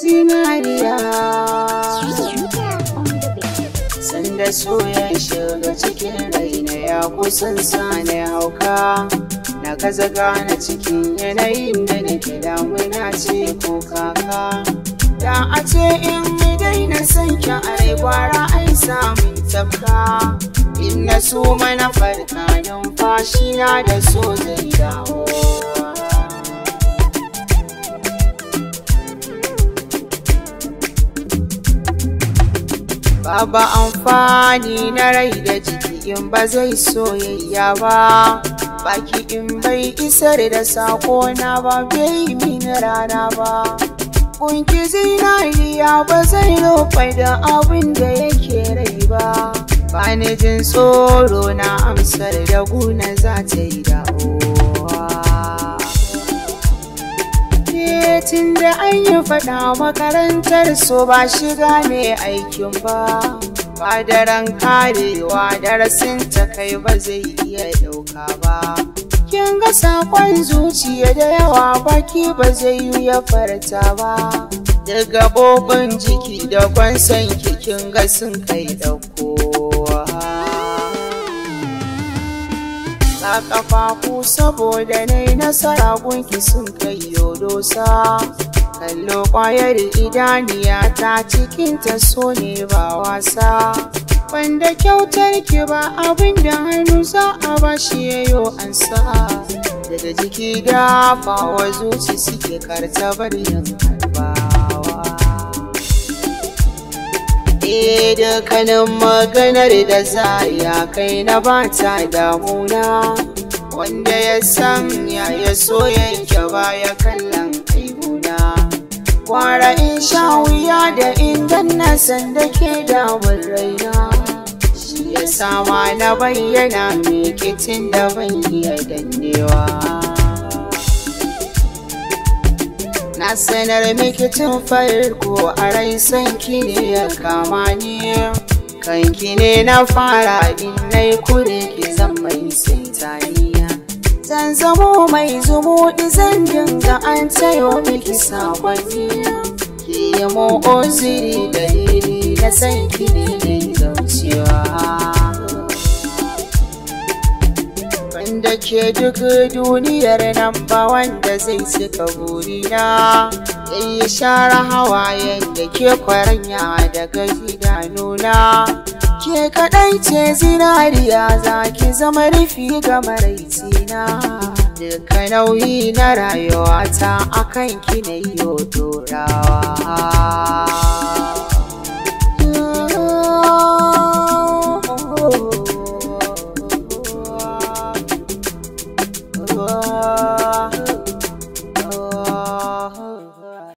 zinariya sanda soya shiga cikin raina ya kusan sani hauka na kaza gane cikin yanayin da nake damuna ce ko kaka da a ce in daina son ki ai gwara ai samun tafka in na suma mana farka numfashi na da so zai dawo baba amfani na rai da jiki in ba zai soyayya ba. Baki in bai isar da sako na ba bai min rana ba. Kunki zinariya ba zai rufai da abin da yake rai ba. Bani jin tsoro na amsar da guna za ta yi da'o. lokacin da an yi faɗa makarantar so ba shiga ne aikin ba ba daren karewa darasin ta kai ba zai iya ɗauka ba kin ga sakon zuciya da yawa baki ba zai yi ya farta ba daga gabobin jiki da kwansan kikin ga sun kai ɗauko sa ku saboda nai nasara gunki sun kai yodosa kallo kwayar idaniya ta ta so ne ba wasa wanda kyautar ki ba abin da hannu za a ba shi yayo an sa daga jiki fawa zuci suke karta bar yanka Eh dukkanin maganar da za ya kai na ba ta damuna wanda ya san ya so yanke baya kallon kaibuna. Kwara in sha wuya da indan na san da ke damun raina. Shi ya sama na bayyana mai kitin da ban iya dannewa. sanar miki tun farko a rai sanki ne ya kama ni kanki ne na fara in nai kure ki zan mai sintaniya zan zamo mai zumuɗi zan dinga an tayo miki sabani ki yi mu oziri dalili na sanki ne ce duk duniyar nan ba wanda zai suka burina ya yi share hawayen da ke kwaranya daga nuna, ke kaɗai ce zinariya za ki zama rufi ga maraicina duka nauyi na rayuwata akan ki na yi